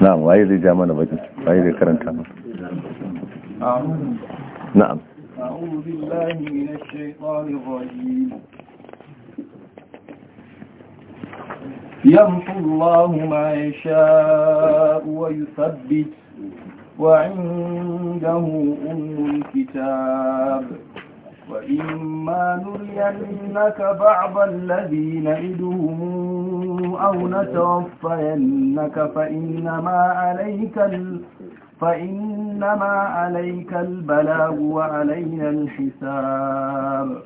Na'am, waye zai ja mana baki? Waye zai karanta mana? Na'am. يمحو الله ما يشاء ويثبت وعنده أم الكتاب وإما نرينك بعض الذي نعدهم أو نتوفينك فإنما عليك ال... فإنما عليك البلاغ وعلينا الحساب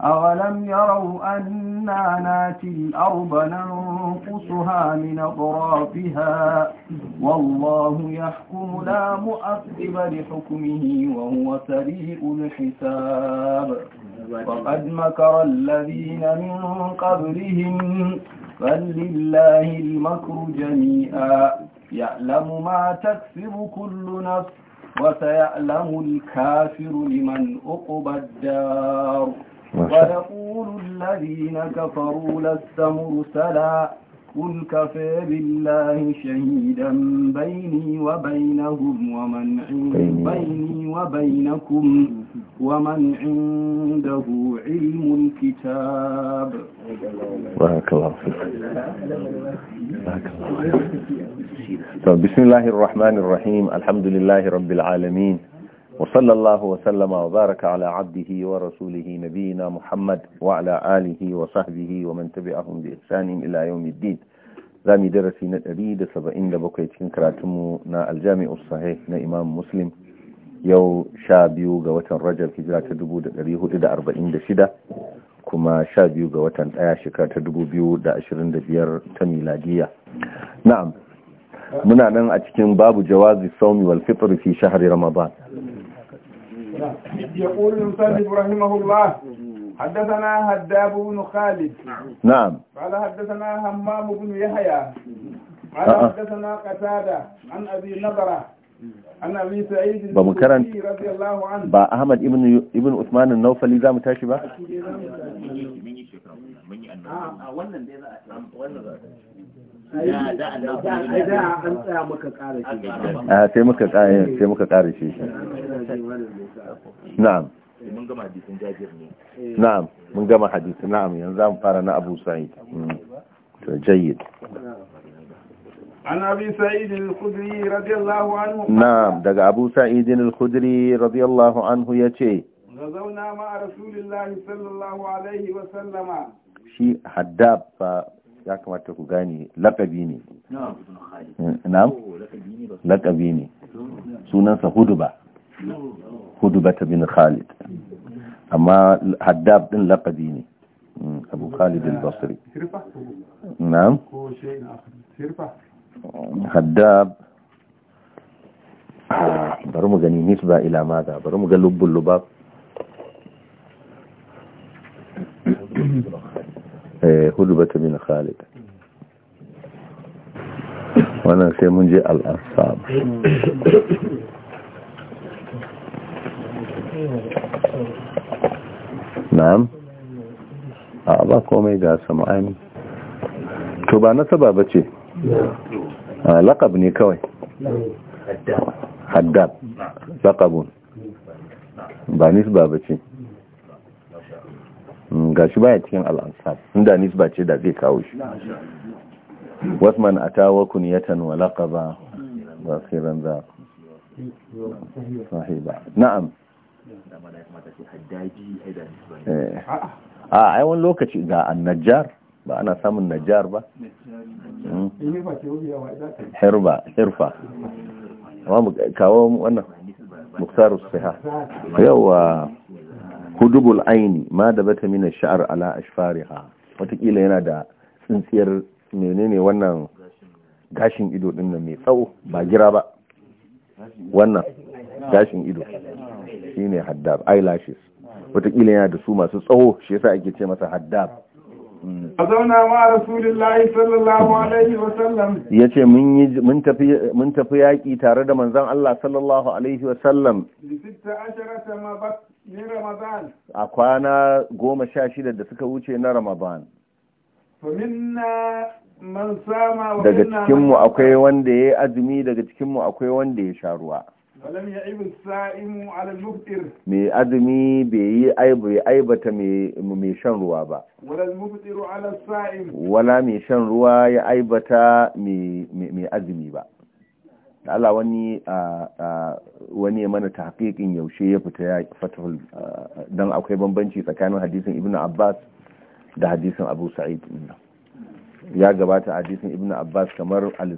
أولم يروا أنا ناتي الأرض ننقصها من أطرافها والله يحكم لا مؤقب لحكمه وهو سريع الحساب وقد مكر الذين من قبلهم فلله المكر جميعا يعلم ما تكسب كل نفس وسيعلم الكافر لمن أقبى الدار ويقول الذين كفروا لست مرسلا قل كفى بالله شهيدا بيني وبينهم ومن بيني وبينكم ومن عنده علم الكتاب بارك الله فيك بارك الله فيك طيب، بسم الله الرحمن الرحيم الحمد لله رب العالمين وصلى الله وسلم وبارك على عبده ورسوله نبينا محمد وعلى آله وصحبه ومن تبعهم بإحسان إلى يوم الدين زامي درسينا الأريد سبعين لبقية نا الجامع الصحيح نا إمام مسلم يو شابيو غوة رجب هجرة دبو دريه إلى أربعين دشدة كما sha biyu ga watan ɗaya shekara ta dubu biyu da ashirin da biyar ta miladiya na'am muna nan a cikin babu يقول المصنف رحمه الله حدثنا هداب بن خالد نعم قال حدثنا همام بن يحيى قال حدثنا قتادة عن أبي نضرة عن أبي سعيد رضي الله عنه با أحمد ابن ابن عثمان النوفلي ذا متاشبة a sai muka kare sai muka shi na'am mun gama hadisin ne na'am mun gama hadisi na'am yanzu fara na Abu Sa'id mm. to jayyid عن أبي سعيد الخدري رضي الله عنه نعم دقى أبو سعيد الخدري ya kamata ku gani lakabi ne na'am eh, oh, lakabi ne sunansa huduba huduba ta bin khalid amma haddab din lakabi ne hmm, abu khalid al-basri na'am haddab ah, bari mu gani nisba ila maza bari mu ga lubbul lubab hudubata bin khalid wannan sai mun je al'asab na'am a ba komai ga sama'ani to ba nasaba ba ce laƙab ne kawai haddab laƙabun ba nisba ba ce gashi baya cikin al'ansar inda nisba ce da zai kawo shi wasman a tawa kuniyatan wa laƙaba ba siran za sahiba na'am a eh. a ah, yawan lokaci ga Najjar? ba ana samun najjar ba herba hmm? herfa kawo wannan muktarus Yau yawa hudubul aini ma da bata mina sha'ar ala ashfariha watakila yana da tsintsiyar menene wannan gashin ido din nan mai tsawo ba gira ba wannan gashin ido shine haddab eyelashes watakila yana da su masu tsawo shi yasa ake ce masa haddab a zauna ma rasulullahi sallallahu alaihi wasallam ya ce mun tafi yaƙi tare da manzan Allah sallallahu alaihi wasallam a kwana goma sha shida da suka wuce na ramadan daga cikinmu akwai wanda ya yi azumi daga cikinmu akwai wanda ya sha ruwa mai azumi bai yi aibata mai shan ruwa ba wala mai shan ruwa ya aibata mai azumi ba Allah wani wani mana haƙiƙin yaushe ya fita ya fatahul don akwai bambanci tsakanin hadisin Ibn Abbas da hadisin Abu Sa'id ya gabata hadisin Ibn Abbas kamar al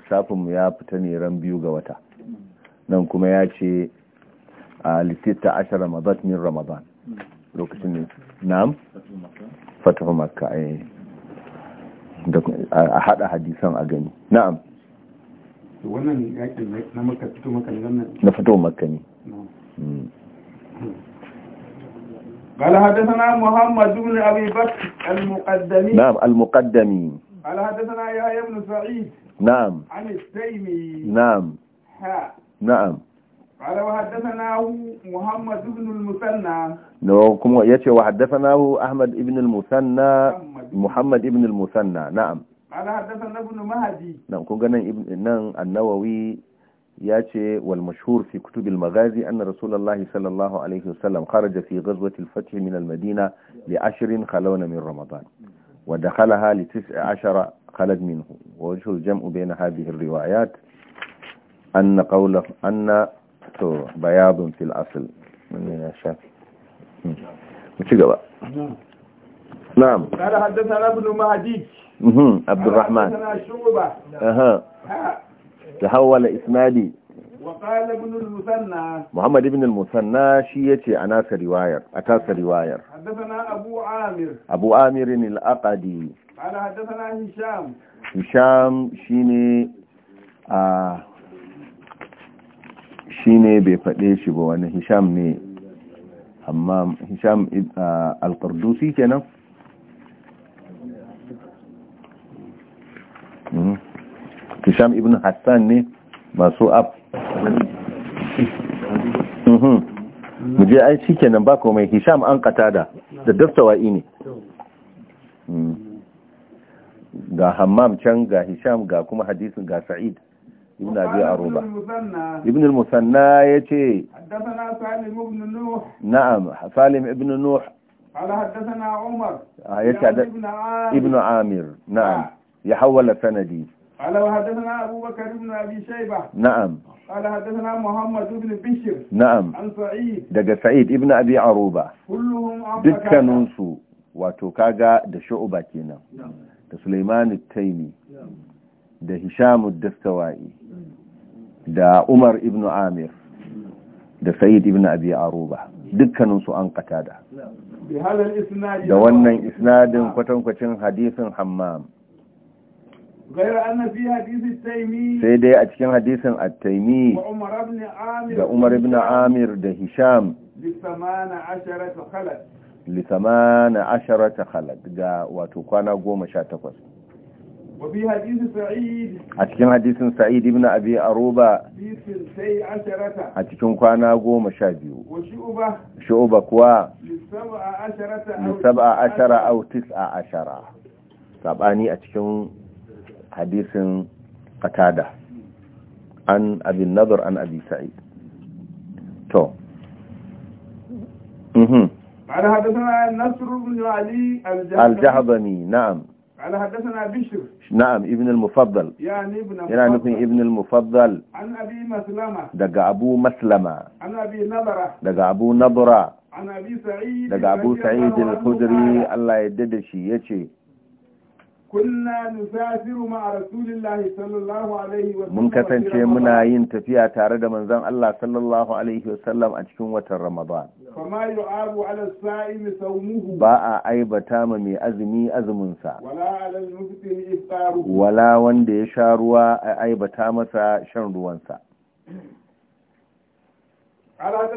ya fita ne ran biyu ga wata nan kuma ya ce a littata ashar mazat min ramadan lokacin ne na'am fatahu maka a hada hadisan a gani na'am wannan yakin na maka fito maka ne na fito maka ne قال حدثنا محمد بن أبي بكر المقدمي نعم المقدمي قال حدثنا يحيى بن سعيد نعم عن التيمي نعم ها na'am قال وحدثناه محمد بن المثنى نعم يتي وحدثناه أحمد بن المثنى محمد بن المثنى نعم قال حدثنا ابن مهدي نعم كون غنن ابن النووي ياتي والمشهور في كتب المغازي أن رسول الله صلى الله عليه وسلم خرج في غزوة الفتح من المدينة لعشر خلون من رمضان ودخلها لتسع عشر خلد منه ووجه الجمع بين هذه الروايات anna qawla anna to bayadun fil asl wannan ya shafi ci gaba na'am kada haddathana ibn mahdi mhm abdurrahman shuba aha tahawala isnadi وقال ابن المثنى محمد ابن المثنى شيتي أنا رواية أتاس رواية حدثنا أبو عامر أبو عامر الأقدي قال حدثنا Hisham هشام شيني a. shi ne bai faɗe shi ba wani hisham ne amma hisham al-qardusi kenan hmm. hisham ibn hassan ne masu ab hmm. mu je ai shi kenan ba komai hisham an katada da daftawa'i ne hmm. ga hammam can ga hisham ga kuma hadisin ga sa'id ibn abi aruba ibn musanna yace haddathana salim ibn nuh na'am salim ibn nuh qala haddathana umar ah, yace ibn amir na'am ya hawala sanadi qala haddathana abu na'am قال حدثنا محمد بن بشر نعم عن سعيد دقى سعيد ابن ابي عروبه كلهم دكا نونسو واتو كاغا دا da umar ibn amir da sa'id ibn abi aruba dukkaninsu an katada da wannan isnadin kwatankwacin hadisin hammam sai dai a cikin hadisin attaimi da umar ibn amir da hisham li 18 khalad ga wato kwana takwas. a cikin hadisin sa'id ibn abi aruba a cikin kwana goma sha biyu shu'uba kuwa saba'a ashara au tis'a ashara sabani a cikin hadisin qatada an abi nadhr an abi sa'id to mhm na'am قال حدثنا بشر نعم ابن المفضل يعني ابن المفضل يعني ابن المفضل عن أبي مسلمة دقى أبو مسلمة عن أبي نضرة دقى أبو نضرة عن أبي سعيد دقى أبو سعيد الخدري الله يدد شي يشي kunna nusafiru ma rasulillahi sallallahu alaihi wa mun kasance muna yin tafiya tare da manzon Allah sallallahu alaihi wa sallam a cikin watan Ramadan kama yu'abu ala sa'im sawmuhu ba a aibata ma mai azumi azumin sa wala ala mufti iftaru wala wanda ya sha ruwa a aibata masa shan ruwan sa ala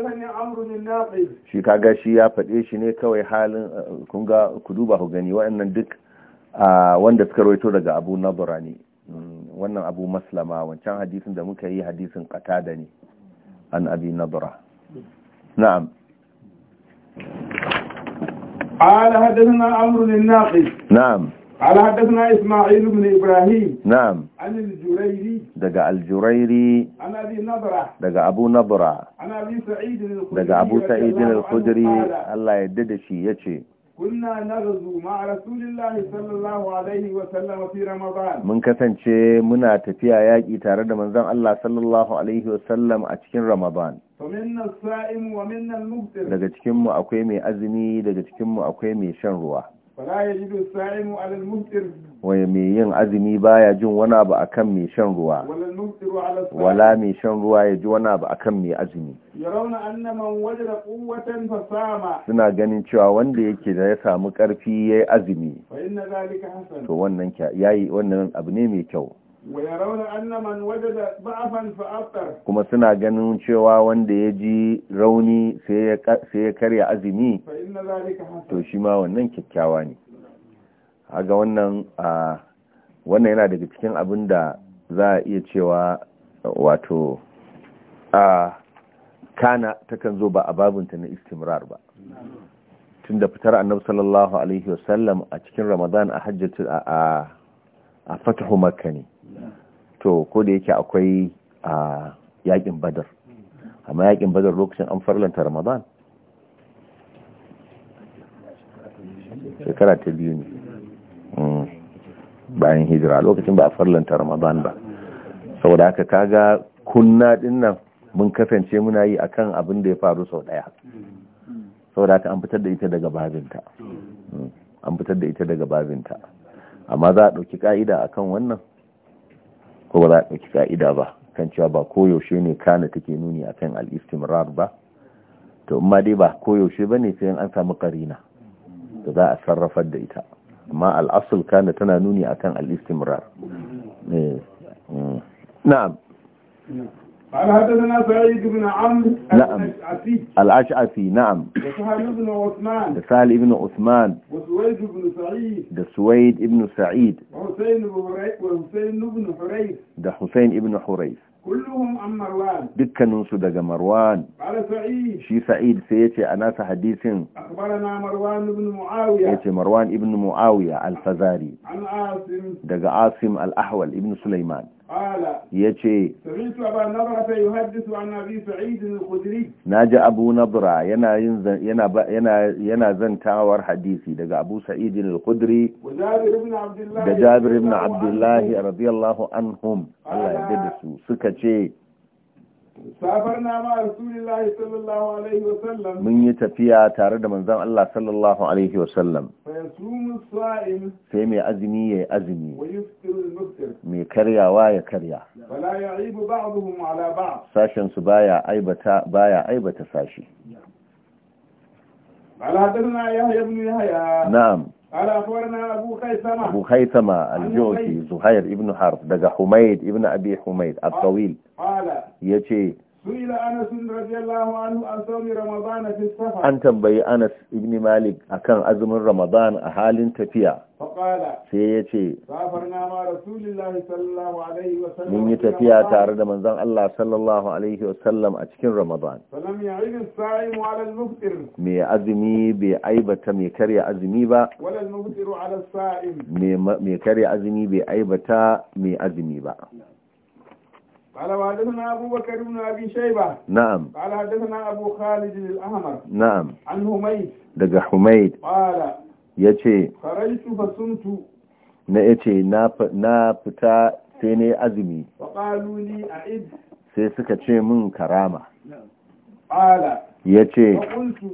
shi kaga shi ya fade shi ne kawai halin eh, kun ga ku duba ku gani wa'annan duk wanda suka roito daga abu nabura ne mm, wannan abu maslama wancan hadisin da muka yi hadisin kata da ne an abi nabura na'am ala na amurin na'am ala na ismail ibrahim na'am an aljurairi daga aljurairi an abi daga abu nabura an abi sa'idin kudri daga allah ya dada shi ya ce kunna naghzu ma'a sallallahu alaihi wa fi ramadan mun kasance muna tafiya yaƙi tare da manzon Allah sallallahu alaihi wa a cikin ramadan daga cikinmu akwai mai azumi daga cikinmu akwai mai shan ruwa fala yajidu sa'imu wai mai yin azumi baya jin wani abu akan mai shan ruwa wala mai shan ruwa ya ji wani abu akan mai azumi suna ganin cewa wanda yake da ya samu karfi ya yi azumi to wannan abu ne mai kyau kuma suna ganin cewa wanda ya ji rauni sai ya karya azumi to shi ma wannan kyakkyawa ne haga wannan a wannan yana daga cikin abin da za a iya cewa wato a kana takan zo ba a babinta na istimrar ba tun da fitar annabi sallallahu alaihi wasallam a cikin ramadan a hajjatu a a fatahu makka ne to ko da yake akwai a yakin badar amma yakin badar lokacin an farlanta ramadan shekara ta biyu ne mm. bayan hijira lokacin ba a farlanta ramadan ba saboda haka kaga kunna nan mun kasance muna yi akan abin da ya faru sau daya saboda haka an fitar da ita daga babinta mm. an fitar da ita daga babinta amma za a ɗauki ƙa'ida a kan wannan ko ba za a ɗauki ƙa'ida ba kan cewa ba koyaushe ne kana take nuni a kan al'istimrar ba to ma dai ba koyaushe ba ne sai an samu ƙarina da za a sarrafar da ita amma al'asul kana tana nuni a kan al'istimrar eh, mm. قال حدثنا سعيد بن عمرو الاشعثي الاشعثي نعم وسهل بن عثمان سهل بن عثمان وسويد بن سعيد ده سويد بن سعيد وحسين بن حريث وحسين بن حريث ده حسين بن حريث كلهم عن مروان دكنهم سو daga مروان قال سعيد شي سعيد سيتي انا حديث اخبرنا مروان بن معاويه سيتي مروان بن معاويه الفزاري عن عاصم daga عاصم الاحول ابن سليمان ya ce na ji abu nabra yana zantawar hadisi daga abu sa'idu al-khudri da jabir ibn abdullahi radiyallahu anhum Allah ya da su suka ce mun yi tafiya tare da manzon Allah sallallahu alaihi sai mai azumi ya yi azumi mai karyawa ya karya sashen su baya aibata baya aibata sashi na'am Abu Haitama al-Jawfi Zuhair ibn Harf daga Humaid ibn Abi Humaid al ya ce. An tambayi Anas ibn Malik akan azumin Ramadan a halin tafiya. Sai ya ce, Mun yi tafiya tare da manzan Allah sallallahu Alaihi wasallam a cikin Ramadan. Mai azumi bai aibata mai karya azumi ba, mai karya azumi bai aibata mai azumi ba. قال حدثنا أبو بكر بن أبي شيبة نعم قال حدثنا أبو خالد الأحمر نعم عن حميد دقى حميد قال يتي خرجت فصمت na yace سيني fita وقالوا لي azumi sai من ce نعم قال يتي ce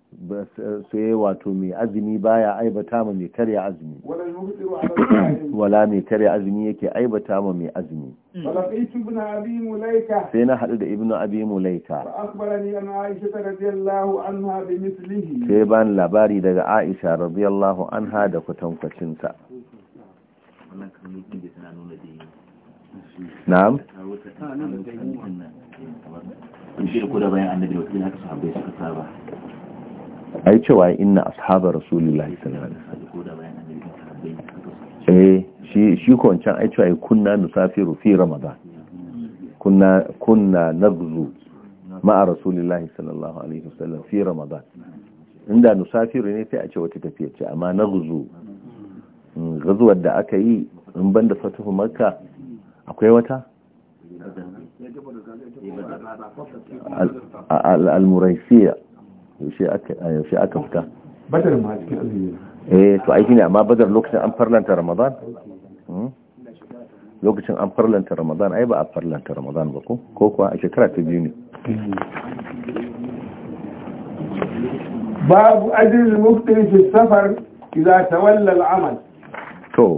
sai wato mai azumi baya aibata ma mai karya azumi wala mai karya azumi yake aibata ma mai azumi hmm. sai na haɗu da ibnu abi mulaika sai ban labari daga aisha radiyallahu anha da kwatankwacinsa na'am ko da bayan annabi da wasu haka sahabbai suka saba ai cewa inna ashaba rasulullahi sallallahu alaihi wasallam eh shi shi ko wancan ai cewa kunna nusafiru fi ramadan kunna kunna nagzu ma'a rasulullahi sallallahu alaihi wasallam fi ramadan inda nusafiru ne sai a ce wata tafiya ce amma nagzu gazuwar da aka yi in banda fatuhu makka akwai wata al-muraisiya yaushe aka fita badar ma cikin azumi eh to ai shine amma badar lokacin an farlanta ramadan hmm? lokacin an farlanta ramadan ai ba a farlanta ramadan ba ko ko kuwa a shekara ta biyu ne babu ajin muftin fi safar idza tawalla al-amal to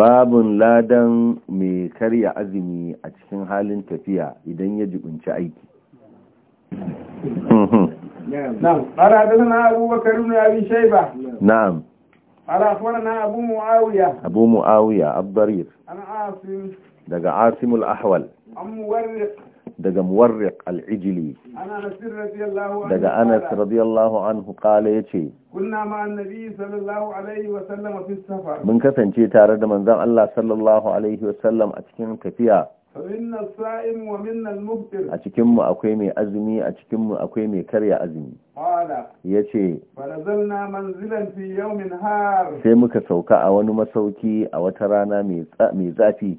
babun ladan mai karya azumi a cikin halin tafiya idan ya jibinci aiki نعم قال حدثنا أبو بكر بن أبي شيبة نعم قال أخبرنا أبو معاوية أبو معاوية الضرير أنا عاصم دقى عاصم الأحول عن مورق دقى مورق العجلي أنا أنس رضي الله عنه دقى أنس رضي الله عنه قال يتي كنا مع النبي صلى الله عليه وسلم في السفر من كثن تي تارد من ذا الله صلى الله عليه وسلم أتكين كثيرا a cikinmu akwai mai azumi a cikinmu akwai mai karya azumi ya ce sai muka sauka a wani masauki a wata rana mai zafi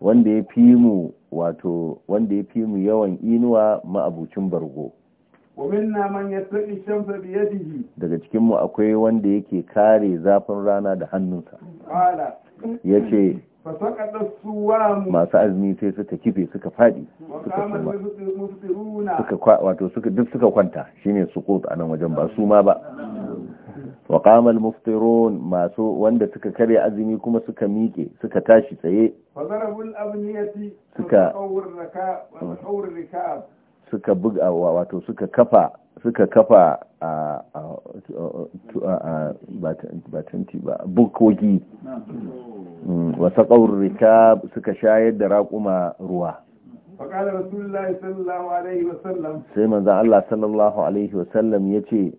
wanda ya fi mu wato wanda ya fi mu yawan inuwa ma'abucin bargo daga cikinmu akwai wanda yake kare zafin rana da hannunsa ya ce masu azumi sai suka kife suka fadi suka kuma wato suka duk suka kwanta shine sukut a nan wajen ba su ma ba wa qamal muftirun masu wanda suka kare azumi kuma suka miƙe suka tashi tsaye suka suka buga wato suka kafa suka kafa bukogi wata ƙaurika suka shayar da raƙuma ruwa rasulullahi sai manzan Allah sallallahu alaihi wasallam ya ce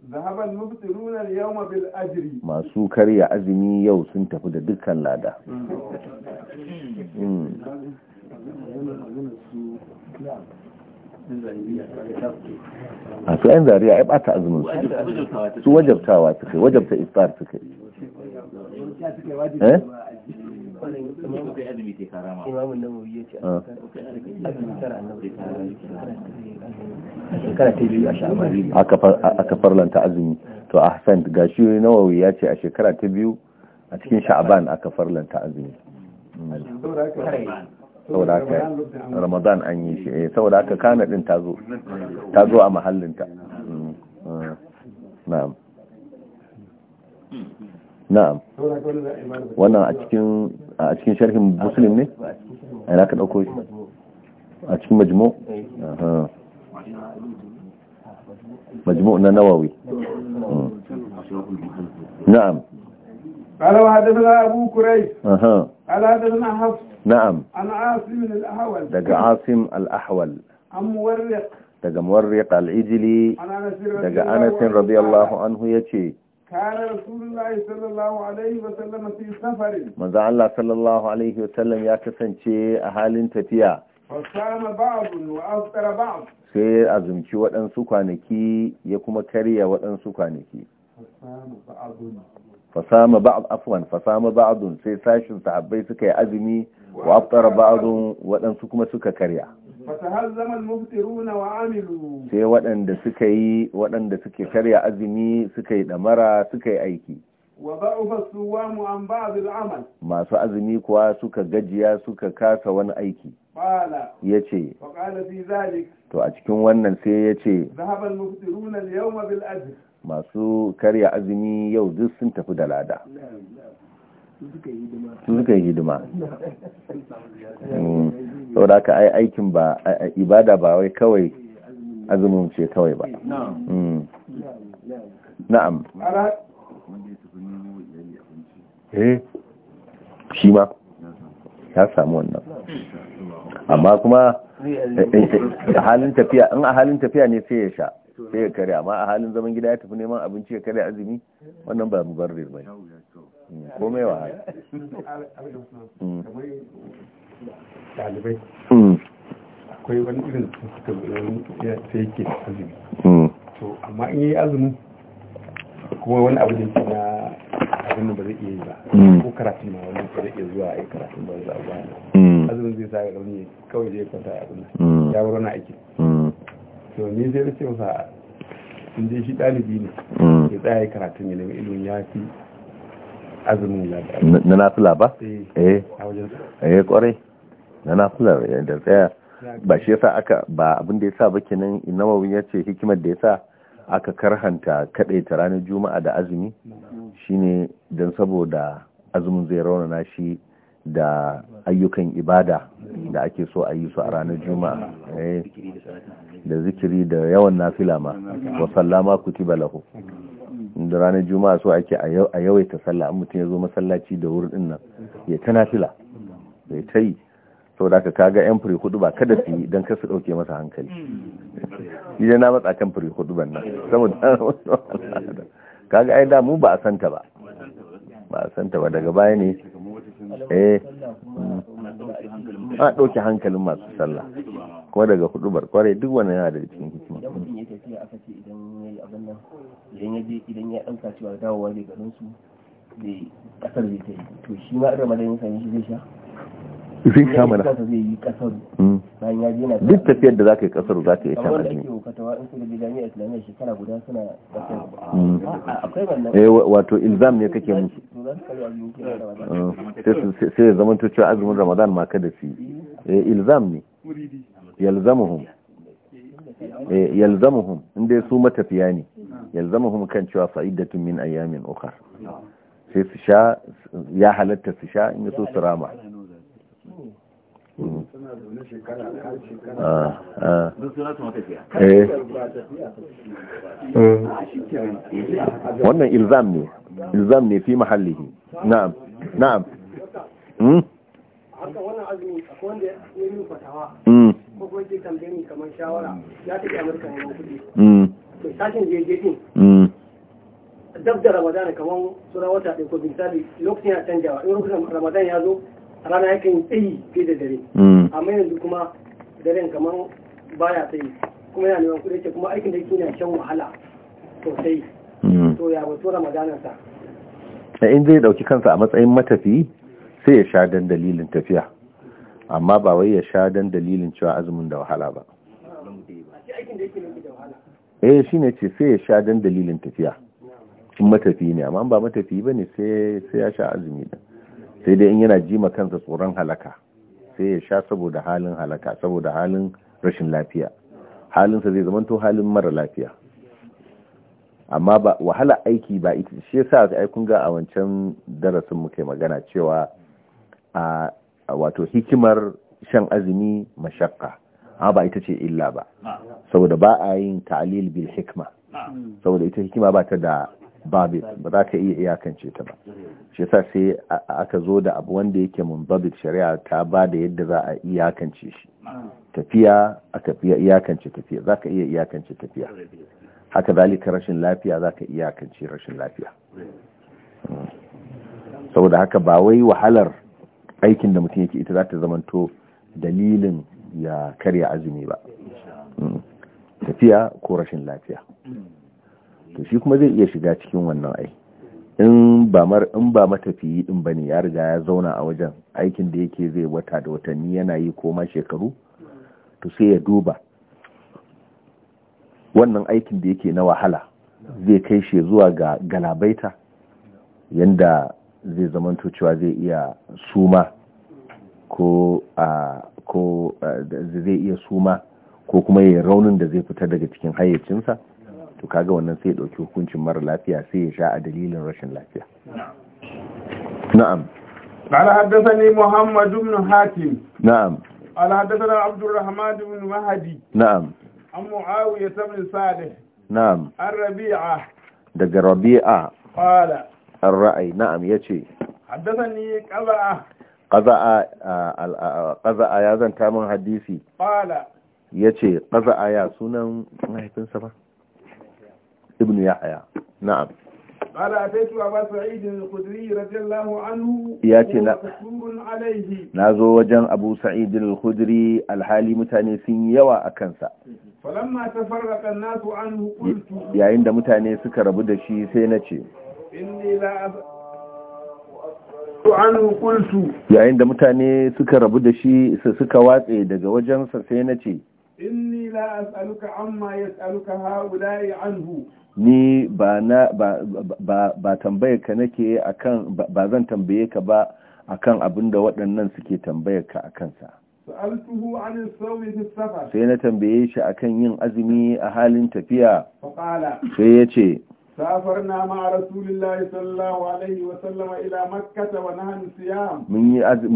masu karya azumi yau sun tafi da dukkan lada mm. Mm. a su yan zariya ya bata azumin su su wajabtawa kai wajabta iftar kai eh? a ah. aka farlanta azumi to a ahsan gashi nawawi ya ce a shekara ta biyu a cikin sha'aban a aka farlanta azumi hmm. saboda haka ramadan an yi shi eh, saboda ka kana din tazo tazo a mahallinta mm, mm, na'am na'am wannan a cikin a cikin sharhin muslim ne ai ka dauko shi a cikin majmu majmu na nawawi mm. na'am قال وحدثنا أبو كريس أها قال حدثنا حفص نعم عن عاصم الأحول دقى عاصم الأحول عن مورق دقى مورق العجلي دقى أنس رضي الله عنه يتي كان رسول الله صلى الله عليه وسلم في سفر ماذا الله صلى الله عليه وسلم يا كسنشي أهال تفيا فصام بعض وأفطر بعض sai azumci waɗansu kwanaki ya kuma karya waɗansu kwanaki. fasama ba'd afwan fasama ba'dun sai sashin sahabbai suka yi azumi wa aftara ba'dun waɗansu kuma suka karya sai waɗanda suka yi waɗanda suke karya azumi suka yi ɗamara suka yi aiki masu azumi kuwa suka gajiya suka kasa wani aiki ya ce to a cikin wannan sai ya ce masu karya azumi yau duk sun tafi da lada su suka yi hidima mm. sau da aka ai aikin ba ibada ba wai kawai azumin ce kawai ba mm. na'am eh shi ma ya samu wannan amma kuma eh, eh, eh, halin tafiya in a halin tafiya ne sai ya sha sai ya karya amma a halin zaman gida ya tafi neman abinci ya karya azumi wannan ba mubarrir bane mm, komai wahala dalibai mm. mm. akwai wani irin suka sai yake azumi to amma in yi azumi, kuma wani abu da yake na abin da ba zai iya yi ba ko karatun ma wani ba zai iya zuwa a yi karatun ba za a ba azumin zai sa ga rauni kawai zai kwanta a abin ya wuri na aiki to ni zai ce masa in je shi ɗalibi ne mm. ya tsaya karatun ya ilimin ya fi azumin lafiya na nafila ba eh eh kwarai eh, na nafila da tsaya ba shi yasa aka ba abin da yasa ba kenan nawawi ya ce hikimar da yasa aka karhanta kaɗai ta ranar juma'a da azumi shine don saboda azumin zai raunana shi da ayyukan ibada da ake so a yi su a ranar juma'a eh. da zikiri da yawan nafila ma wa sallama kutiba lahu da ranar juma'a so ake a yawaita sallah an mutum ya zo masallaci da wurin din nan ya ta nafila ya ta yi saboda ka kaga yan fure hudu ba kada su yi don ka su dauke masa hankali idan na matsa kan fure hudu ban nan saboda kaga ai da mu ba a santa ba ba a santa ba daga baya ne eh mm, a dauke hankalin masu sallah ko daga hudubar kwarai duk wani yana da cikin hikima idan mutum ta hmm. duk tafiyar da za ka yi kasar za ka yi shan mana ake in suka je jami'a islamiyya shekara guda suna hmm. akwai eh, wato ilzam ne kake musu hmm. sai zama to cewa azumin ramadan ma kada su eh. Eh, ilzam ne yalzamuhum eh, yalzamuhum inda su matafiya ne yalzamuhum kan cewa fa'idatun min ayyamin ukhar sai su sha ya halatta su sha in so su rama mm. ah, ah. Eh. Mm. wannan ilzam ne ilzam ne fi mahallihi na'am na'am hmm? haka wannan azumi akwai wanda ya yi fatawa mm. ko kuma ke tambayi kamar shawara ya tafi amurka kuɗi mm. to sashen din mm. dab da ramadana kamar sura wata ɗin ko misali lokacin ya canjawa in ramadan ya zo rana yakan yi tsayi da dare amma yanzu kuma daren kamar baya tsayi kuma yana neman kuɗi ce kuma aikin da yake yana shan wahala sosai to ya wato ramadanansa eh, in zai dauki kansa a matsayin matafiyi sai ya sha dan dalilin tafiya amma ba wai ya sha dan dalilin cewa azumin da wahala ba eh ne ce sai ya sha dan dalilin tafiya in matafi ne amma ba matafi ba ne sai ya sha azumi da sai dai in yana jima kansa tsoron halaka sai ya sha saboda halin halaka saboda halin rashin lafiya halinsa zai zamanto halin mara lafiya amma ba wahala aiki ba ita shi yasa ai kun ga a wancan darasin muke magana cewa a wato hikimar shan azumi mashakka amma ba ita ce illa ba ah. saboda ba a yin ta'lil bil hikma ah. saboda ita hikima ba ta da babit ba za ka iya iyakance ta ba shi yasa sai aka zo da abu wanda yake babit shari'a ta ba da yadda za a iyakance shi ah. tafiya aka fiya iyakance tafiya za ka iya iyakance tafiya haka zalika rashin lafiya za ka iyakance rashin lafiya hmm. saboda haka ba wai wahalar aikin da mutum yake ita za ta zamanto dalilin ya karya azumi ba mm. tafiya ko rashin lafiya to shi kuma zai iya shiga cikin wannan ai in ba mar in ba matafiyi din bane ya riga ya zauna a wajen aikin da yake zai wata da watanni yana yi ko ma shekaru to sai ya duba wannan aikin da yake na wahala zai kai shi zuwa ga galabaita yanda zai zamanto cewa zai iya suma ko ko zai iya suma ko kuma ya raunin da zai fita daga cikin hayyacinsa to kaga wannan sai ya ɗauki hukuncin mara lafiya sai ya sha a dalilin rashin lafiya na'am قال حدثني محمد بن حاتم نعم قال حدثنا عبد الرحمن بن مهدي نعم عن معاوية بن صالح نعم عن ربيعة دق ربيعة قال الرأي نعم يتي حدثني قبعة ƙaza'a ya zanta min hadisi ya ce ƙaza'a ya sunan mahaifinsa ba ibn ya aya na'am ya ce na zo wajen abu sa'idin al-khudri alhali mutane sun yawa a kansa yayin da mutane suka rabu da shi sai na ce yayin da mutane suka rabu da shi suka watse daga wajensa sai na ce inni la as'aluka amma yas'aluka haula'i anhu ni ba na ba ba, ba tambaye ka nake akan ba zan tambaye ka ba akan abin da waɗannan suke tambaye ka akan sa sa'altuhu 'an sawmi fi safar sai na tambaye shi akan yin azumi a halin tafiya sai ya ce سافرنا مع رسول الله صلى الله عليه وسلم إلى مكة ونحن صيام من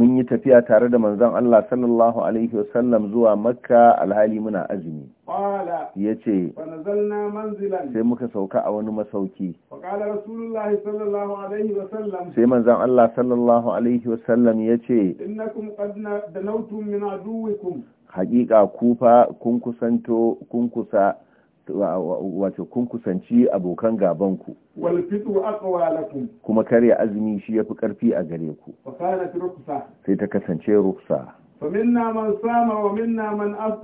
من يتفيا تare da manzon Allah sallallahu alaihi wasallam zuwa Makka alhali muna azumi qala yace fanazalna manzilan sai muka sauka a wani masauki qala rasulullahi sallallahu alaihi wasallam sai manzon Allah sallallahu alaihi wasallam yace innakum qad danawtum min aduwikum haqiqa kufa kun kusanto kun kusa wato kun kusanci abokan gabanku kuma karya azumi shi ya fi ƙarfi a gare ku sai ta kasance rufsa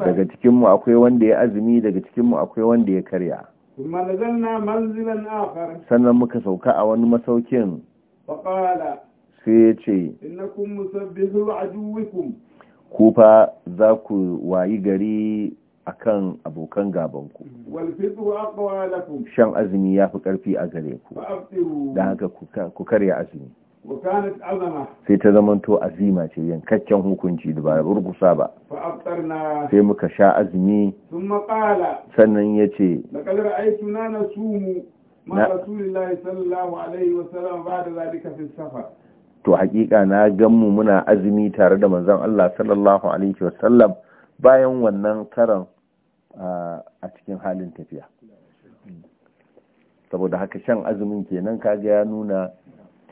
daga cikinmu akwai wanda ya azumi daga cikinmu akwai wanda ya karya sannan muka sauka a wani masaukin sai ya ce ku fa za ku wayi gari akan abokan gabanku shan azumi ya fi ƙarfi a gare ku da haka ku karya azumi sai ta zama to azima ce yankaccen hukunci da ba burgusa ba sai muka sha azumi sannan ya ce na sallallahu alaihi ba da to hakika na ganmu muna azumi tare da manzon Allah sallallahu alaihi wasallam bayan wannan karan a cikin halin tafiya saboda haka shan azumin kenan kaga ya nuna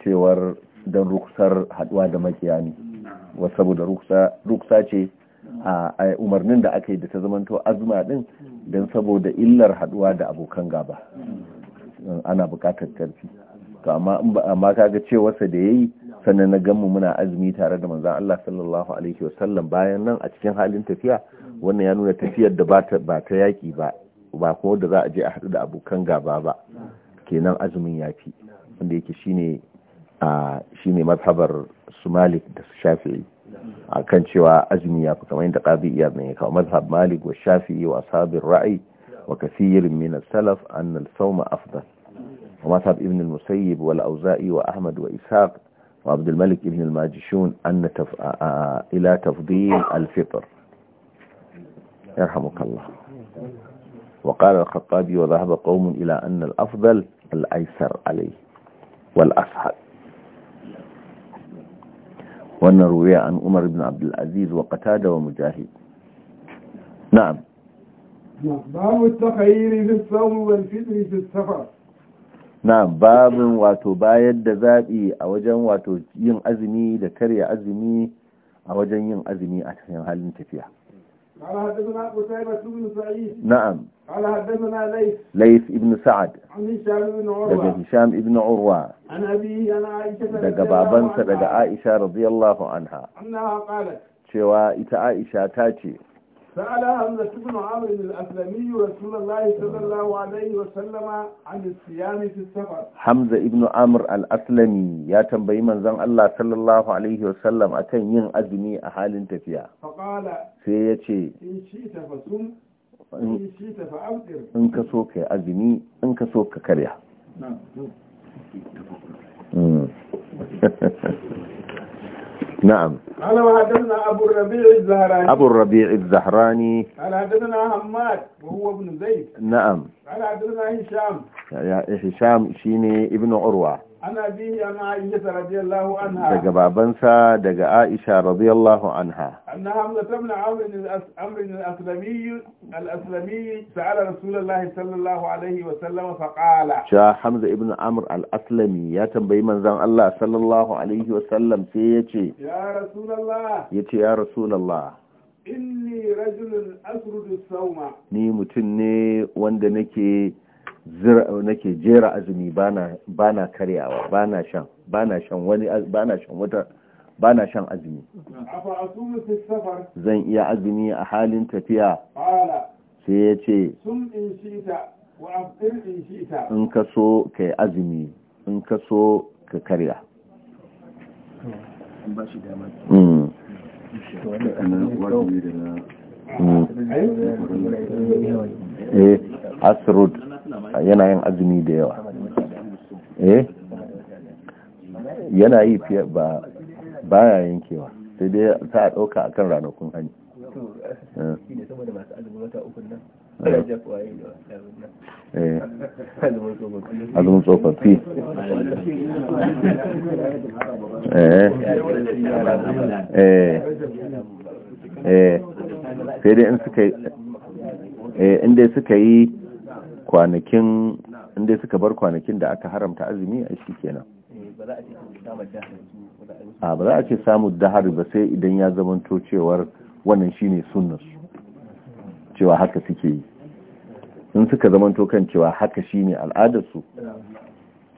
cewar don ruksar haduwa da makiya ne saboda ruksa ce a umarnin da aka yi da ta zamanto azuma din don saboda illar haduwa da abokan gaba ana bukatar karfi to amma kaga cewarsa da yi sannan na ganmu muna azumi tare da manzan Allah sallallahu alaihi wasallam bayan nan a cikin halin tafiya wannan ya nuna tafiyar da ba ta yaƙi ba ba kuma da za a je a haɗu da abokan gaba ba kenan azumin ya fi wanda yake shine a shine mazhabar su malik da su shafi'i a kan cewa azumi ya fi kamar yadda ƙabi iya mai kawo mazhab malik wa shafi'i wa sabin ra'ayi wa kasirin min salaf an al sauma afdal wa mazhab ibn al-musayyib wal auza'i wa ahmad wa isaq wa Abdulmalik Ibn الماجشون أن تف... آ... ila al يرحمك الله وقال الخطابي وذهب قوم إلى أن الأفضل الأيسر عليه والأسهل وأن روي عن عمر بن عبد العزيز وقتادة ومجاهد نعم باب التخير في الصوم والفطر في السفر نعم باب واتو بايد da zabi a wajen wato yin azumi da karya azumi a wajen yin قال حدثنا قتيبة بن سعيد نعم قال حدثنا ليث ليث بن سعد عن هشام بن عروة دقى هشام بن عروة عن أبيه عن عائشة دقى بابنسة دقى عائشة رضي الله عنها أنها قالت cewa ita Aisha ta ce سأل همزة بن عمرو الأسلمي رسول الله صلى الله عليه وسلم عن الصيام في السفر همزة بن عمرو الأسلمي يا تنبي من زن الله صلى الله عليه وسلم أكن ين أزمي أحال تفيا فقال سيتي إن شئت فصم إن شئت فأبدر إن كسوك أزمي إن كسوك كريا نعم نعم قال وحدثنا أبو الربيع الزهراني أبو الربيع الزهراني قال حدثنا حماد وهو ابن زيد نعم قال حدثنا هشام هشام شيني ابن عروة Ana anha. daga babansa daga aisha radiyallahu anha anna hamza tamna amr al-aslami al-aslami sa'ala rasulullahi sallallahu alaihi wa sallam fa qala sha hamza ibn amr al-aslami ya tambayi manzon Allah sallallahu alaihi wa sallam sai yace ya rasulullah yace ya rasulullah inni rajulun asrudu sawma ni mutum ne wanda nake nake jera azumi bana karyawa bana shan shan shan azumi zan iya azumi a halin tafiya sai ya ce in ka so ka yi azumi in ka so ka karya Mm. eh asrud yana yin azumi da yawa eh yana yi fiye ba baya yankewa sai dai ta a ɗauka a kan ranakun hani eh. eh. eh. azumin tsofaffi eh eh eh sai dai in suka Eh, inda suka yi kwanakin inda suka bar kwanakin da aka haramta azumi a shi kenan a ah, ba za a ce samun dahar ba sai idan ya zamanto cewar wannan shine sunnas cewa haka suke yi in suka zamanto kan cewa haka shine al'adarsu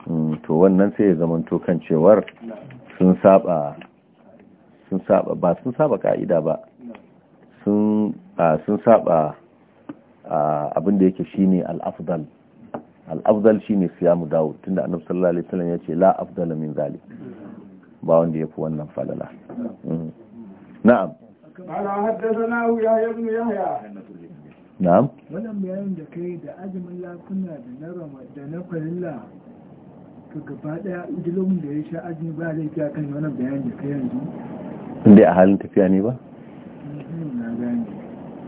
mm, to wannan sai ya zamanto kan cewar sun saba sun saba ba sun saba ka'ida ba sun ah, saba abin da yake shine al-afdal al-afdal shine siyamu dawud tunda annabi sallallahu alaihi wasallam ya ce la afdala min zalik ba wanda yafi wannan falala na'am قال حدثنا يحيى بن يحيى na'am wannan bayanin da kai da azumin lafuna da na da na kwalilla ka gaba daya idilomin da ya sha azumi ba laifi kan wannan bayan da kai yanzu inda a halin tafiya ne ba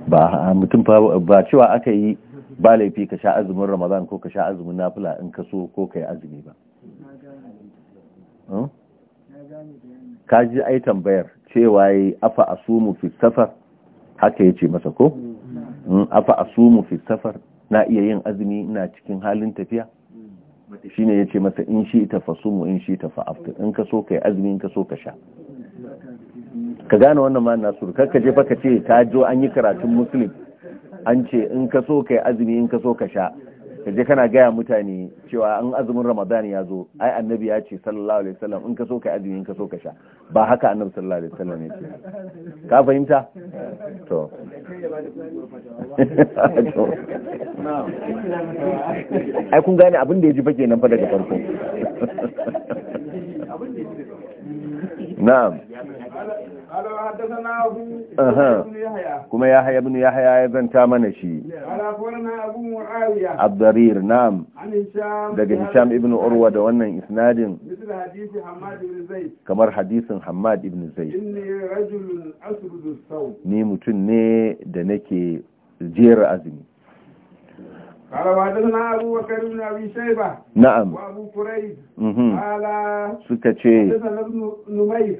ba mutum ba cewa aka yi ba laifi ka sha azumin ramadan ko ka sha azumin nafila in ka so ko ka yi azumi ba hmm? ka ji ai tambayar cewa yi afa mu fi safar haka ya ce masa ko hmm, afa mu fi safar na iya yin azumi na cikin halin tafiya ne ya ce masa in shi ita mu in shi ita fa'aftir in ka so ka yi azumi in ka so ka sha ka gane wannan ma nasu kar ka je ka ce ta jo an yi karatun muslim an ce in ka so yi azumi in ka so ka sha ka je kana gaya mutane cewa an azumin ramadan ya zo ai annabi ya ce sallallahu alaihi wasallam in ka so ka azumi in ka so ka sha ba haka annabi sallallahu alaihi wasallam ya ce ka fahimta to ai kun gane abin da ya ji fa kenan fa daga farko na'am kuma ya haya ibn ya haya ya zanta mana shi abdarir nam daga hisham ibn urwa da wannan isnadin kamar hadisin hamad ibn Zai, ni mutum ne da nake jera azumi قال وحدثنا أبو بكر بن أبي شيبة نعم وأبو كريب قال سكتشي حدثنا ابن نمير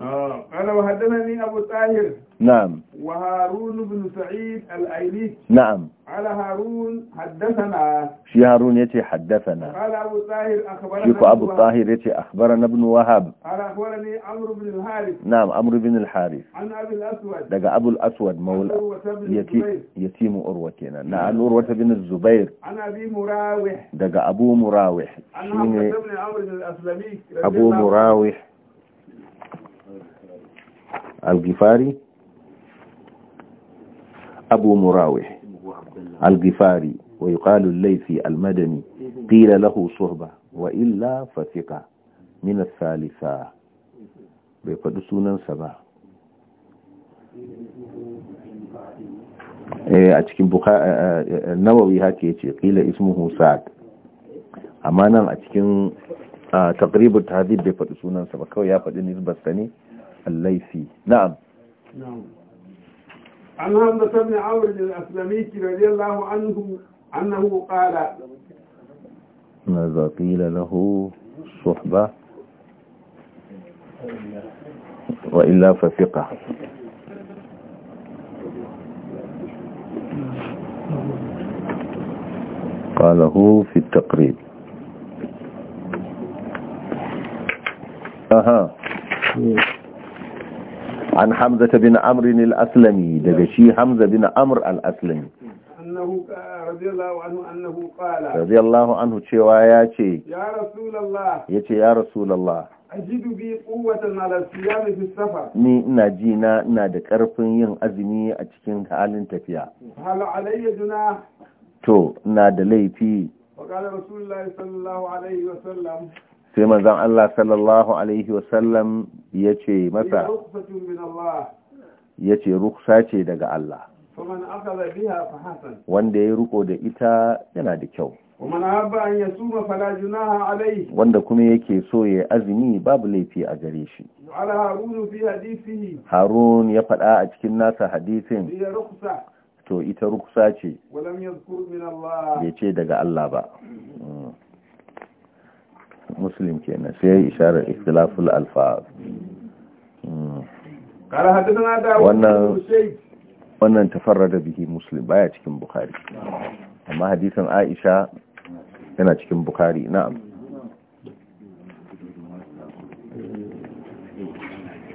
قال وحدثني أبو طاهر نعم وهارون بن سعيد الأيلي نعم على هارون حدثنا شي هارون يتي حدثنا قال أبو طاهر أخبرنا شيخ أبو طاهر يتي أخبرنا ابن وهاب قال أخبرني عمرو بن الحارث نعم عمرو بن الحارث عن أبي الأسود دقى أبو الأسود مولى يتي يتيم أروة نعم أروة بن الزبير عن أبي مراوح دقى أبو مراوح عن حمزة بن عمرو الأسلمي أبو مراوح al-gifari abu murawih al-gifari wa yuqalu al-laythi al-madani qila lahu suhba wa illa fasika min al-thalitha bai faɗi sunansa ba eh, a cikin eh, eh, nawawi haka ya ce ƙila ismuhu sa'ad amma nan a cikin ah, ta tahdid bai faɗi sunansa ba kawai ya faɗi nisbasta ne الليثي نعم نعم عن همزة بن عمرو الأسلمي رضي الله عنه أنه قال ماذا قيل له الصحبة وإلا فثقة قاله في التقريب أها نعم. an hamza bin amr al-aslami daga shi hamza bin amr al-aslami annahu radiyallahu anhu annahu qala radiyallahu anhu cewa yace ya rasulullah ya rasulullah ajidu bi ni ina ji na ina da karfin yin azumi a cikin halin tafiya hal to ina da laifi sai mazan Allah sallallahu alaihi wasallam ya ce masa ya ce rukusa ce daga Allah wanda ya ruko da ita yana da kyau wanda kuma yake so ya azumi babu laifi a gare shi harun ya faɗa a cikin nasa hadisin to ita rukusa ce ya ce daga Allah ba mm. Mm. muslim kenan sai isharar ikhtilaful alfaz hmm. wannan wannan tafarrada bihi muslim baya cikin bukhari amma hadisan aisha yana cikin bukhari na'am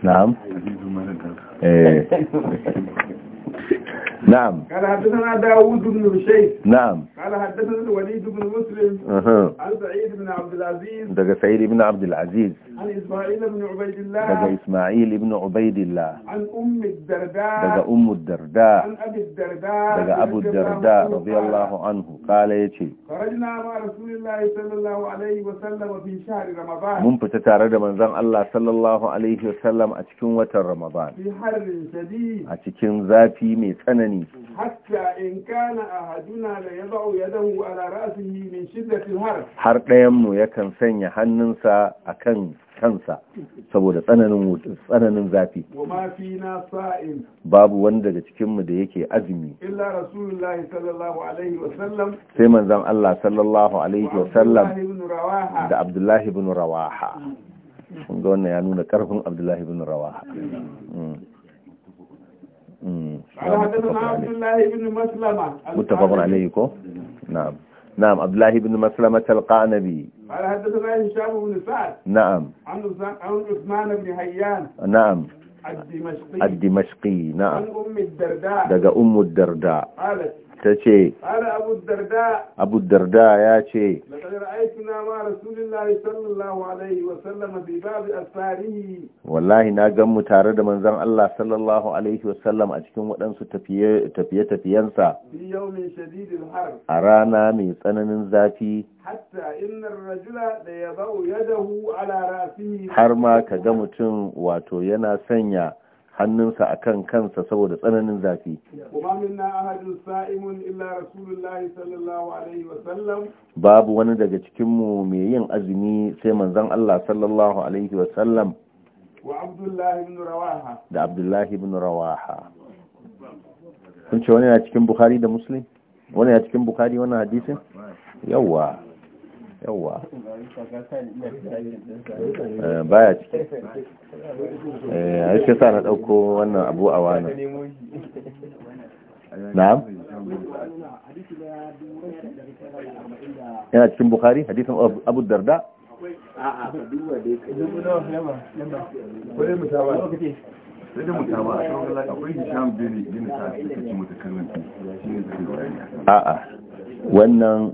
na'am eh نعم قال حدثنا داوود بن بشير نعم قال حدثنا الوليد بن مسلم اها عن سعيد بن عبد العزيز ده سعيد بن عبد العزيز عن إسماعيل بن عبيد الله دقى إسماعيل بن عبيد الله عن أم الدرداء دقى أم الدرداء عن أبي الدرداء دقى أبو الدرداء رضي الله عنه قال يتي خرجنا مع رسول الله صلى الله عليه وسلم في شهر رمضان من فتتارد من زن الله صلى الله عليه وسلم أتكن وتر رمضان في حر شديد أتكن ذاتي ميسنني hatta in kana a ahaduna ya yad'u a ala yi min shiddati al-har har ɗayan mu yakan sanya hannunsa a kan kansa saboda tsananin tsananin zafi wama na sa'in babu wani daga cikinmu da yake azumi illa rasulullahi sallallahu alaihi wa sallam sai manzon Allah sallallahu alaihi wa sallam da Abdullahi ibn Rawaha kun ga wannan ya nuna karfin Abdullahi ibn Rawaha mm. Mm. نعم، حدثنا عبد الله بن مسلمة متفق نعم نعم عبد الله بن مسلمة تلقى نبي قال حدثنا هشام بن سعد نعم عن عثمان بن هيان نعم الدمشقي الدمشقي نعم عن أم الدرداء دقى أم الدرداء قالت ta ce abu darda ya ce wallahi na gan mu tare da manzan Allah sallallahu alaihi wasallam a cikin waɗansu tafiye-tafiyensa a rana mai tsananin zafi har ma ka ga mutum wato yana sanya hannunsa a kan kansa saboda tsananin zafi. Babu wani daga cikinmu mai yin azumi sai manzan Allah sallallahu Alaihi wasallam da Abdullahi ibn Rawaha. Kun ce wani na cikin Bukhari da Muslim? Wani na cikin Bukhari wani hadisin? Yawwa. yawwa eh, baya ciki ya eh, sa na dauko wannan abu a wani na'am yana cikin bukari hadisin abu darda a'a wannan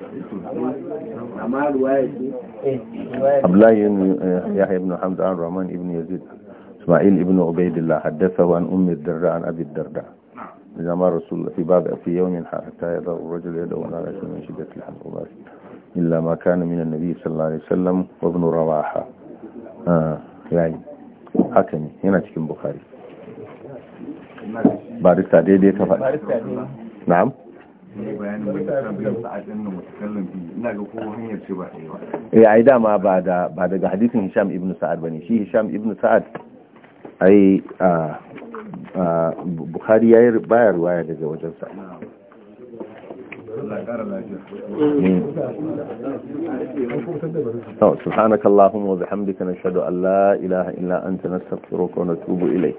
عبدالله ruwaya ce abdullahi yahya ibn hamza an rahman ibn yazid isma'il ibn ubaidillah haddathahu an ummi darda an abi darda جمع رسول في باب في يوم حتى يضع الرجل يده على من شدة الحر إلا ما كان من النبي صلى الله عليه وسلم وابن رواحة يعني حكمي هنا تكون بخاري بارستا دي دي تفعل نعم bayanin ya yi eh, dama ba daga hadisin hisham ibn sa'ad ba ne shi hisham ibn sa'ad ai a bukhari ya yi bayar waya daga wajen wajensa سبحانك اللهم وبحمدك نشهد أن لا إله إلا أنت نستغفرك ونتوب إليك